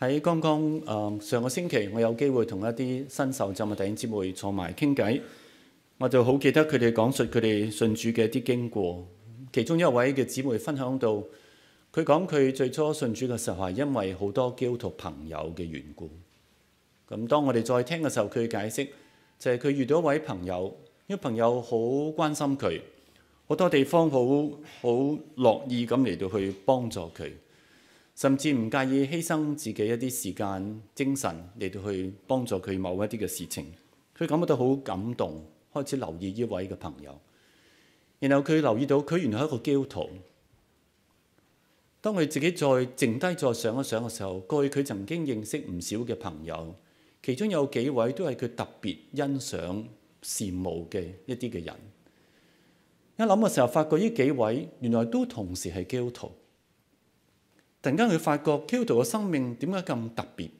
喺剛剛誒上個星期，我有機會同一啲新受浸嘅弟兄姊妹坐埋傾偈，我就好記得佢哋講述佢哋信主嘅一啲經過。其中一位嘅姊妹分享到，佢講佢最初信主嘅時候係因為好多基督徒朋友嘅緣故。咁當我哋再聽嘅時候，佢解釋就係佢遇到一位朋友，呢個朋友好關心佢，好多地方好好樂意咁嚟到去幫助佢。甚至唔介意犧牲自己一啲時間精神嚟到去幫助佢某一啲嘅事情，佢感覺到好感動，開始留意呢位嘅朋友。然後佢留意到佢原來係一個基督徒。當佢自己再靜低再想一想嘅時候，過去佢曾經認識唔少嘅朋友，其中有幾位都係佢特別欣賞、羨慕嘅一啲嘅人。一諗嘅時候，發覺呢幾位原來都同時係基督徒。突然間佢發覺，基督徒嘅生命點解咁特別？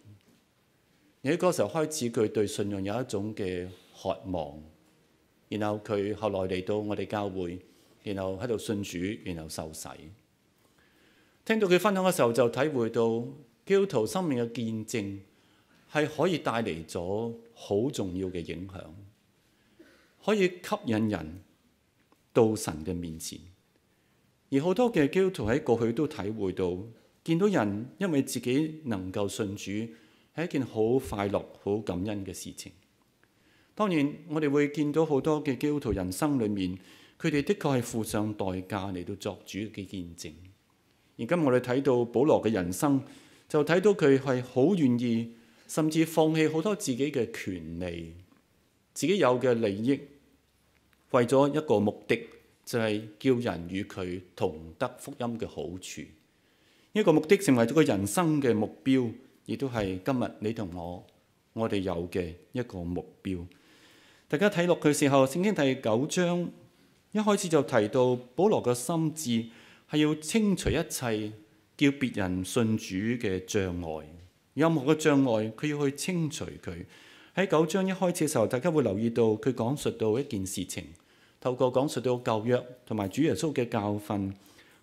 而喺嗰個時候開始，佢對信仰有一種嘅渴望。然後佢後來嚟到我哋教會，然後喺度信主，然後受洗。聽到佢分享嘅時候，就體會到基督徒生命嘅見證係可以帶嚟咗好重要嘅影響，可以吸引人到神嘅面前。而好多嘅基督徒喺過去都體會到。見到人，因為自己能夠信主，係一件好快樂、好感恩嘅事情。當然，我哋會見到好多嘅基督徒人生裏面，佢哋的確係付上代價嚟到作主嘅見證。而今我哋睇到保羅嘅人生，就睇到佢係好願意，甚至放棄好多自己嘅權利、自己有嘅利益，為咗一個目的，就係叫人與佢同得福音嘅好處。一個目的成為咗個人生嘅目標，亦都係今日你同我，我哋有嘅一個目標。大家睇落去時候，聖經第九章一開始就提到保羅嘅心志係要清除一切叫別人信主嘅障礙，任何嘅障礙佢要去清除佢。喺九章一開始嘅時候，大家會留意到佢講述到一件事情，透過講述到舊約同埋主耶穌嘅教訓。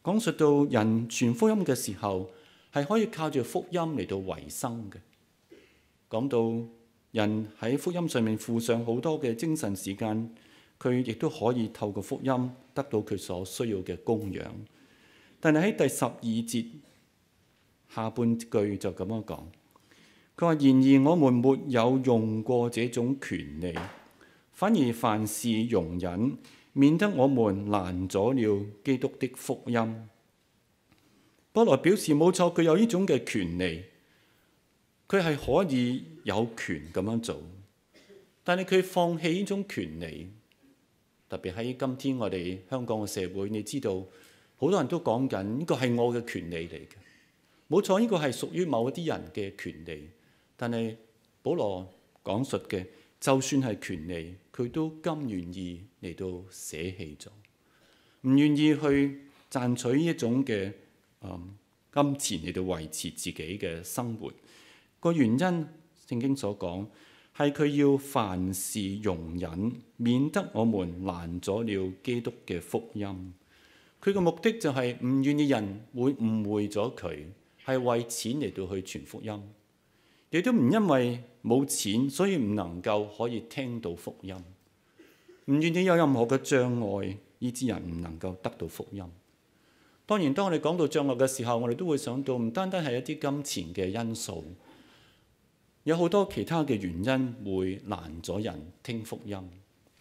講述到人傳福音嘅時候，係可以靠住福音嚟到維生嘅。講到人喺福音上面付上好多嘅精神時間，佢亦都可以透過福音得到佢所需要嘅供養。但係喺第十二節下半句就咁樣講，佢話：然而我們沒有用過這種權利，反而凡事容忍。免得我們攔阻了基督的福音。保羅表示冇錯，佢有呢種嘅權利，佢係可以有權咁樣做。但係佢放棄呢種權利，特別喺今天我哋香港嘅社會，你知道好多人都講緊呢個係我嘅權利嚟嘅。冇錯，呢、這個係屬於某啲人嘅權利。但係保羅講述嘅，就算係權利。佢都甘願意嚟到捨棄咗，唔願意去賺取一種嘅、嗯、金錢嚟到維持自己嘅生活。個原因，聖經所講係佢要凡事容忍，免得我們攔阻了基督嘅福音。佢嘅目的就係唔願意人會誤會咗佢係為錢嚟到去傳福音。亦都唔因為，冇錢，所以唔能夠可以聽到福音。唔願意有任何嘅障礙，以致人唔能夠得到福音。當然，當我哋講到障礙嘅時候，我哋都會想到唔單單係一啲金錢嘅因素，有好多其他嘅原因會難咗人聽福音。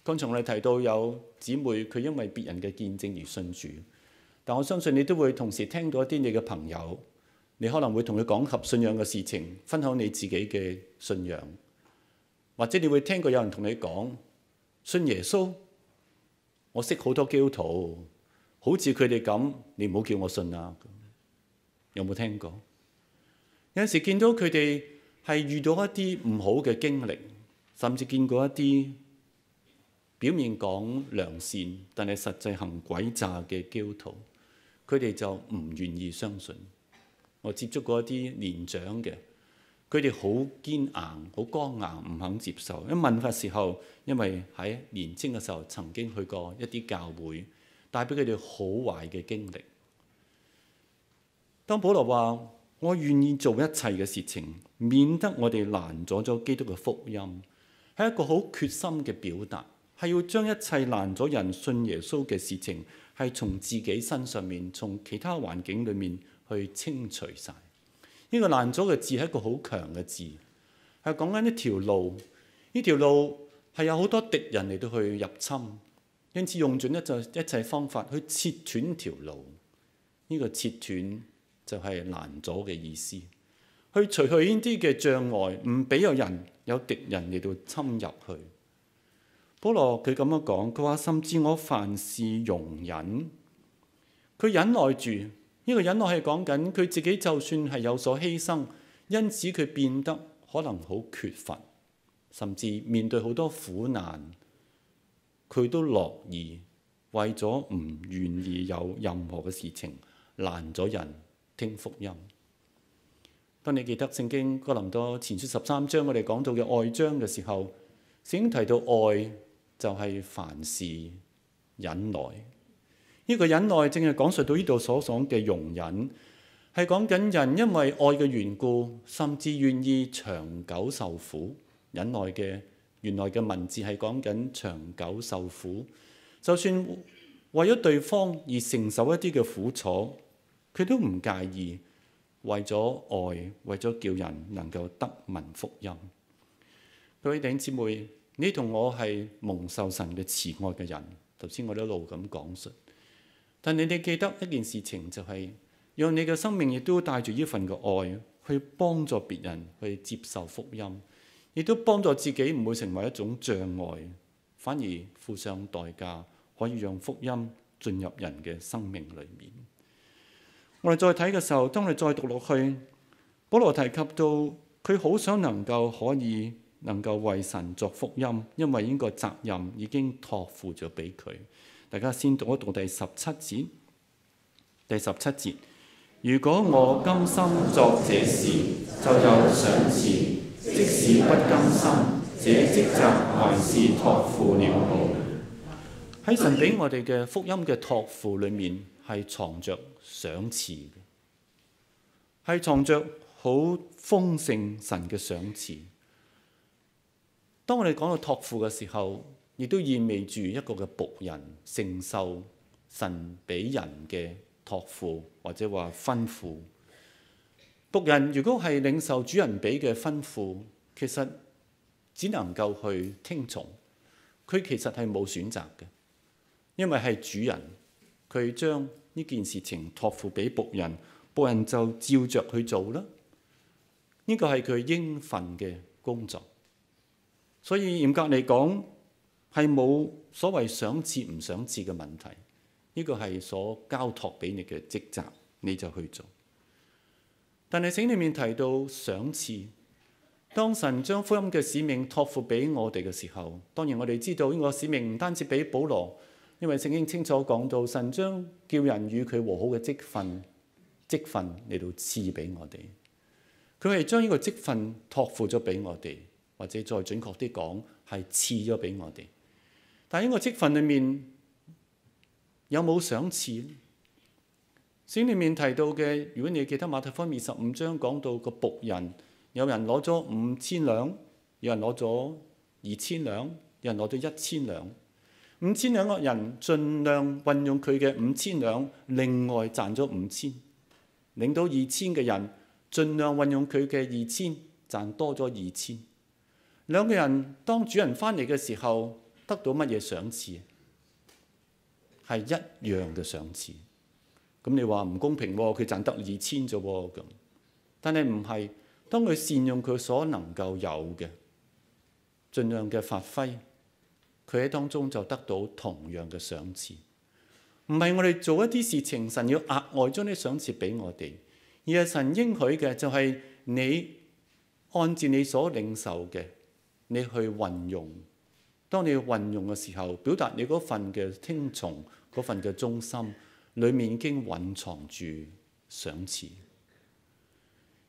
剛才我哋提到有姊妹，佢因為別人嘅見證而信主，但我相信你都會同時聽到一啲你嘅朋友。你可能會同佢講合信仰嘅事情，分享你自己嘅信仰，或者你會聽過有人同你講信耶穌。我識好多基督徒，好似佢哋咁，你唔好叫我信啊！有冇聽過？有時見到佢哋係遇到一啲唔好嘅經歷，甚至見過一啲表面講良善，但係實際行詭詐嘅基督徒，佢哋就唔願意相信。我接觸過一啲年長嘅，佢哋好堅硬、好剛硬，唔肯接受。一問嘅時候，因為喺年青嘅時候曾經去過一啲教會，帶俾佢哋好壞嘅經歷。當保羅話：我願意做一切嘅事情，免得我哋攔阻咗基督嘅福音，係一個好決心嘅表達，係要將一切攔阻人信耶穌嘅事情，係從自己身上面，從其他環境裡面。去清除晒。呢個攔阻嘅字係一個好強嘅字，係講緊一條路，呢條路係有好多敵人嚟到去入侵，因此用盡一就一切方法去切斷條路。呢個切斷就係攔阻嘅意思，去除去呢啲嘅障礙，唔俾有人有敵人嚟到侵入去。保羅佢咁樣講，佢話甚至我凡事容忍，佢忍耐住。呢個忍耐係講緊佢自己，就算係有所犧牲，因此佢變得可能好缺乏，甚至面對好多苦難，佢都樂意為咗唔願意有任何嘅事情攔咗人聽福音。當你記得聖經哥林多前書十三章我哋講到嘅愛章嘅時候，聖經提到愛就係凡事忍耐。呢個忍耐正係講述到呢度所講嘅容忍係講緊人，因為愛嘅緣故，甚至願意長久受苦。忍耐嘅原來嘅文字係講緊長久受苦，就算為咗對方而承受一啲嘅苦楚，佢都唔介意。為咗愛，為咗叫人能夠得聞福音，各位弟兄姊妹，你同我係蒙受神嘅慈愛嘅人。頭先我都一路咁講述。但你哋記得一件事情，就是，就係讓你嘅生命亦都帶住呢份嘅愛去幫助別人，去接受福音，亦都幫助自己唔會成為一種障礙，反而付上代價，可以讓福音進入人嘅生命裏面。我哋再睇嘅時候，當你再讀落去，保羅提及到佢好想能夠可以能夠為神作福音，因為呢個責任已經託付咗俾佢。大家先讀一讀第十七節。第十七節，如果我甘心做這事，就有賞賜；即使不甘心，這職責還是託付了好 我。喺神俾我哋嘅福音嘅託付裏面，係藏着賞賜嘅，係藏着好豐盛神嘅賞賜。當我哋講到託付嘅時候，亦都意味住一個嘅僕人承受神俾人嘅託付或者話吩咐僕人。僕人如果係領受主人俾嘅吩咐，其實只能夠去聽從佢，其實係冇選擇嘅，因為係主人佢將呢件事情託付俾僕人，僕人就照着去做啦。呢個係佢應份嘅工作，所以嚴格嚟講。係冇所謂賞賜唔賞賜嘅問題，呢個係所交託俾你嘅職責，你就去做。但係聖經裏面提到賞賜，當神將福音嘅使命託付俾我哋嘅時候，當然我哋知道呢個使命唔單止俾保羅，因為聖經清楚講到神將叫人與佢和好嘅職分，職分嚟到賜俾我哋。佢係將呢個職分託付咗俾我哋，或者再準確啲講係賜咗俾我哋。但喺個積分裏面有冇賞賜？書裏面提到嘅，如果你記得馬太福音二十五章講到個僕人，有人攞咗五千兩，有人攞咗二千兩，有人攞咗一千兩。五千兩個人盡量運用佢嘅五千兩，另外賺咗五千；領到二千嘅人盡量運用佢嘅二千，賺多咗二千。兩個人當主人翻嚟嘅時候。得到乜嘢賞賜？係一樣嘅賞賜，咁你話唔公平，佢賺得二千啫咁，但係唔係當佢善用佢所能夠有嘅，盡量嘅發揮，佢喺當中就得到同樣嘅賞賜。唔係我哋做一啲事情，神要額外將啲賞賜俾我哋，而係神應許嘅就係你按照你所領受嘅，你去運用。當你運用嘅時候，表達你嗰份嘅聽從，嗰份嘅忠心，裡面已經隱藏住賞賜。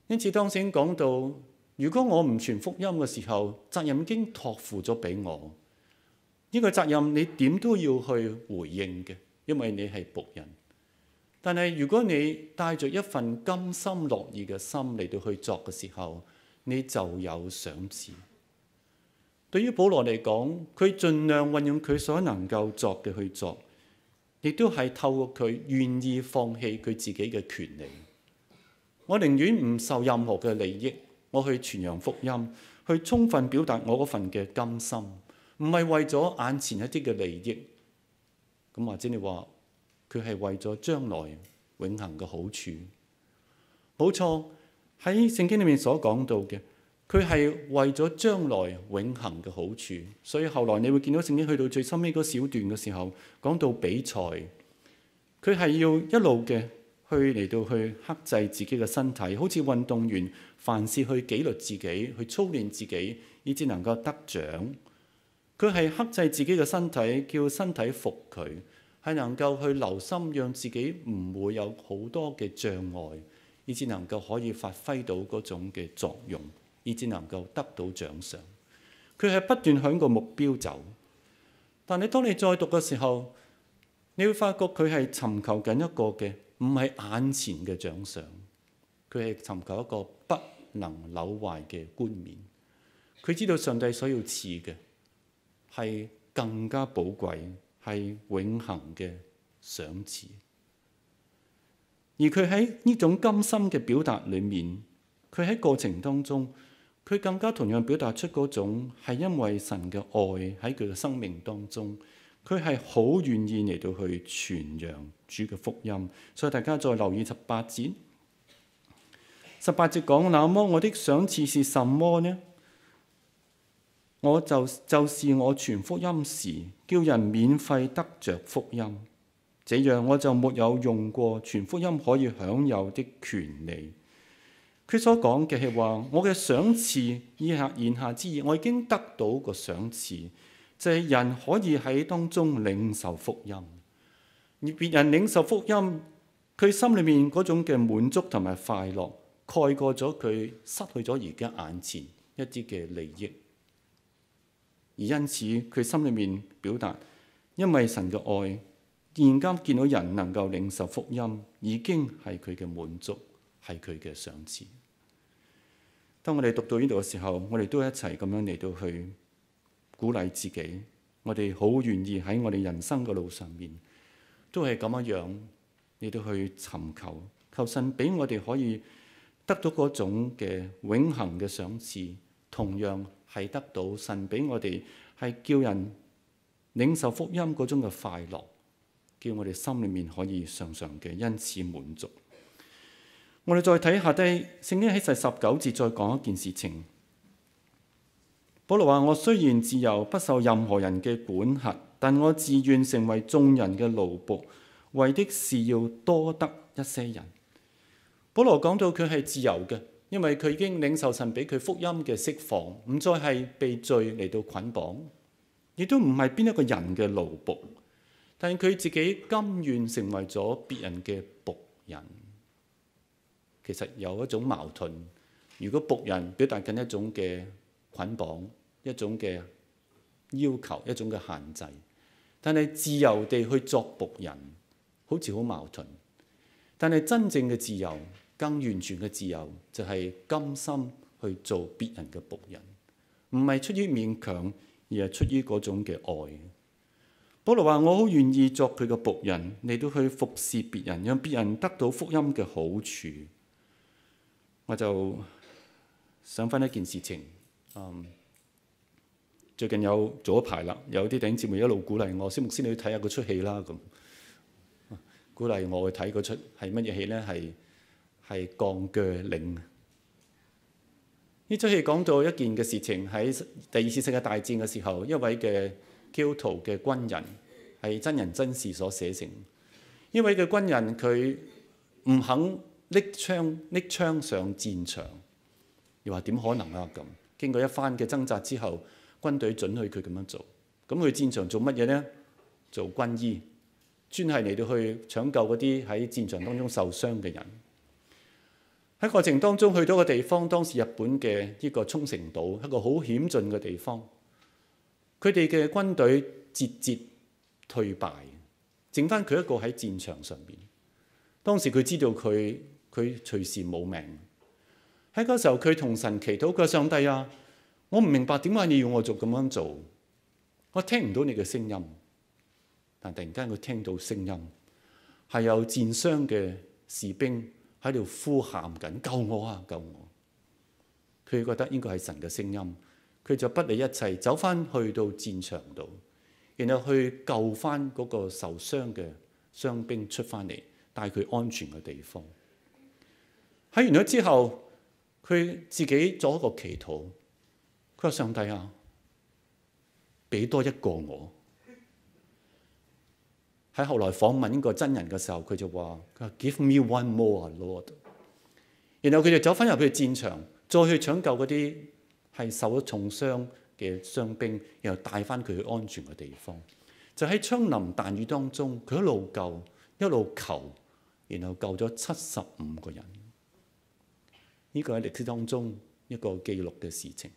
因此，當先講到，如果我唔傳福音嘅時候，責任已經託付咗俾我，呢、這個責任你點都要去回應嘅，因為你係僕人。但係如果你帶著一份甘心樂意嘅心嚟到去作嘅時候，你就有賞賜。對於保羅嚟講，佢盡量運用佢所能夠作嘅去作，亦都係透過佢願意放棄佢自己嘅權利。我寧願唔受任何嘅利益，我去傳揚福音，去充分表達我嗰份嘅甘心，唔係為咗眼前一啲嘅利益。咁或者你話佢係為咗將來永恆嘅好處，冇錯，喺聖經裡面所講到嘅。佢係為咗將來永恆嘅好處，所以後來你會見到聖經去到最收尾嗰小段嘅時候，講到比賽，佢係要一路嘅去嚟到去克制自己嘅身體，好似運動員，凡事去紀律自己，去操練自己，以至能夠得獎。佢係克制自己嘅身體，叫身體服佢，係能夠去留心，讓自己唔會有好多嘅障礙，以至能夠可以發揮到嗰種嘅作用。以至能夠得到獎賞，佢係不斷向個目標走。但你當你再讀嘅時候，你會發覺佢係尋求緊一個嘅，唔係眼前嘅獎賞，佢係尋求一個不能朽壞嘅冠冕。佢知道上帝所要賜嘅係更加寶貴、係永恆嘅賞賜。而佢喺呢種甘心嘅表達裡面，佢喺過程當中。佢更加同樣表達出嗰種係因為神嘅愛喺佢嘅生命當中，佢係好願意嚟到去傳揚主嘅福音。所以大家再留意十八節，十八節講：那麼我的賞賜是什麼呢？我就就是我傳福音時，叫人免費得着福音，這樣我就沒有用過傳福音可以享有的權利。佢所講嘅係話，我嘅賞賜以下言下之意，我已經得到個賞賜，就係人可以喺當中領受福音，而別人領受福音，佢心裏面嗰種嘅滿足同埋快樂，蓋過咗佢失去咗而家眼前一啲嘅利益，而因此佢心裏面表達，因為神嘅愛，現今見到人能夠領受福音，已經係佢嘅滿足，係佢嘅賞賜。當我哋讀到呢度嘅時候，我哋都一齊咁樣嚟到去鼓勵自己。我哋好願意喺我哋人生嘅路上面，都係咁一樣嚟到去尋求。求神俾我哋可以得到嗰種嘅永恆嘅賞賜，同樣係得到神俾我哋係叫人領受福音嗰種嘅快樂，叫我哋心裏面可以常常嘅因此滿足。我哋再睇下低，聖經喺第十九節再講一件事情。保羅話：我雖然自由，不受任何人嘅管轄，但我自願成為眾人嘅奴僕，為的是要多得一些人。保羅講到佢係自由嘅，因為佢已經領受神俾佢福音嘅釋放，唔再係被罪嚟到捆綁，亦都唔係邊一個人嘅奴僕，但係佢自己甘願成為咗別人嘅僕人。其實有一種矛盾。如果僕人表達緊一種嘅捆綁、一種嘅要求、一種嘅限制，但係自由地去作僕人，好似好矛盾。但係真正嘅自由、更完全嘅自由，就係、是、甘心去做別人嘅僕人，唔係出於勉強，而係出於嗰種嘅愛。保羅話：我好願意作佢嘅僕人，你都去服侍別人，讓別人得到福音嘅好處。我就想翻一件事情，嗯，最近有做一排啦，有啲頂級節目一路鼓勵我，師母先你去睇下嗰出戲啦，咁鼓勵我去睇嗰出係乜嘢戲咧？係係《鋼鋸嶺》。呢出戲講到一件嘅事情，喺第二次世界大戰嘅時候，一位嘅基督徒嘅軍人係真人真事所寫成。一位嘅軍人佢唔肯。拎槍拎槍上戰場，又話點可能啊？咁經過一番嘅掙扎之後，軍隊准許佢咁樣做。咁去戰場做乜嘢呢？做軍醫，專係嚟到去搶救嗰啲喺戰場當中受傷嘅人。喺過程當中去到個地方，當時日本嘅呢個沖繩島一個好險峻嘅地方。佢哋嘅軍隊節節退敗，剩翻佢一個喺戰場上邊。當時佢知道佢。佢隨時冇命，喺嗰時候，佢同神祈禱：佢話上帝啊，我唔明白點解你要我做咁樣做，我聽唔到你嘅聲音。但突然間佢聽到聲音，係有戰傷嘅士兵喺度呼喊緊救我啊！救我！佢覺得應該係神嘅聲音，佢就不理一切，走翻去到戰場度，然後去救翻嗰個受傷嘅傷兵出翻嚟，帶佢安全嘅地方。喺完咗之後，佢自己做一個祈禱。佢話：上帝啊，俾多一個我。喺後來訪問呢個真人嘅時候，佢就話：佢話 Give me one more, Lord。然後佢就走翻入去戰場，再去搶救嗰啲係受咗重傷嘅傷兵，然後帶翻佢去安全嘅地方。就喺槍林彈雨當中，佢一路救一路求，然後救咗七十五個人。呢個喺歷史當中一個記錄嘅事情。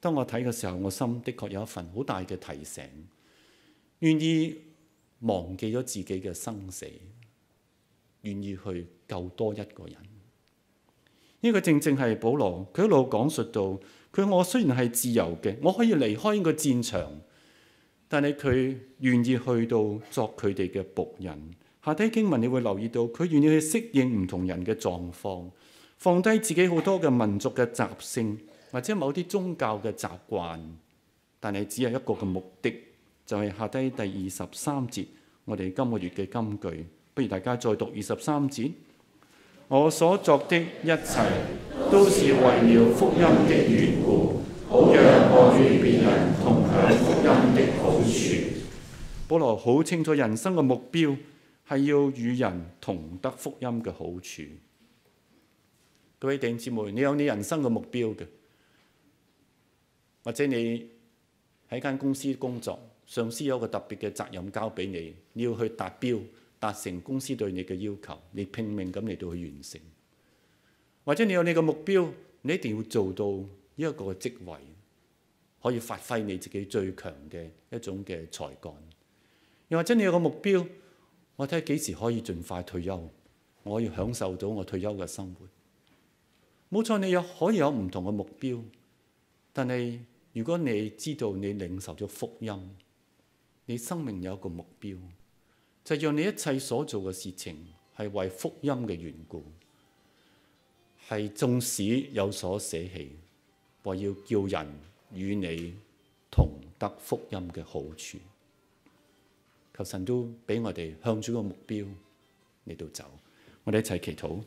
當我睇嘅時候，我的心的確有一份好大嘅提醒，願意忘記咗自己嘅生死，願意去救多一個人。呢個正正係保羅佢一路講述到佢：我雖然係自由嘅，我可以離開呢個戰場，但係佢願意去到作佢哋嘅僕人。下底經文你會留意到，佢願意去適應唔同人嘅狀況。放低自己好多嘅民族嘅習性，或者某啲宗教嘅習慣，但係只有一個嘅目的，就係下低第二十三節，我哋今個月嘅金句，不如大家再讀二十三節，我所作的一切都是為了福音嘅緣故，好讓我與別人同享福音的好處。保羅好清楚人生嘅目標，係要與人同得福音嘅好處。各位弟兄姊妹，你有你人生嘅目標嘅，或者你喺間公司工作，上司有個特別嘅責任交俾你，你要去達標，達成公司對你嘅要求，你拼命咁嚟到去完成。或者你有你嘅目標，你一定要做到呢一個職位，可以發揮你自己最強嘅一種嘅才幹，又或者你有個目標，我睇，幾時可以盡快退休，我要享受到我退休嘅生活。冇錯，你有可以有唔同嘅目標，但係如果你知道你領受咗福音，你生命有一個目標，就是讓你一切所做嘅事情係為福音嘅緣故，係縱使有所捨棄，為要叫人與你同得福音嘅好處。求神都俾我哋向住個目標嚟到走，我哋一齊祈禱。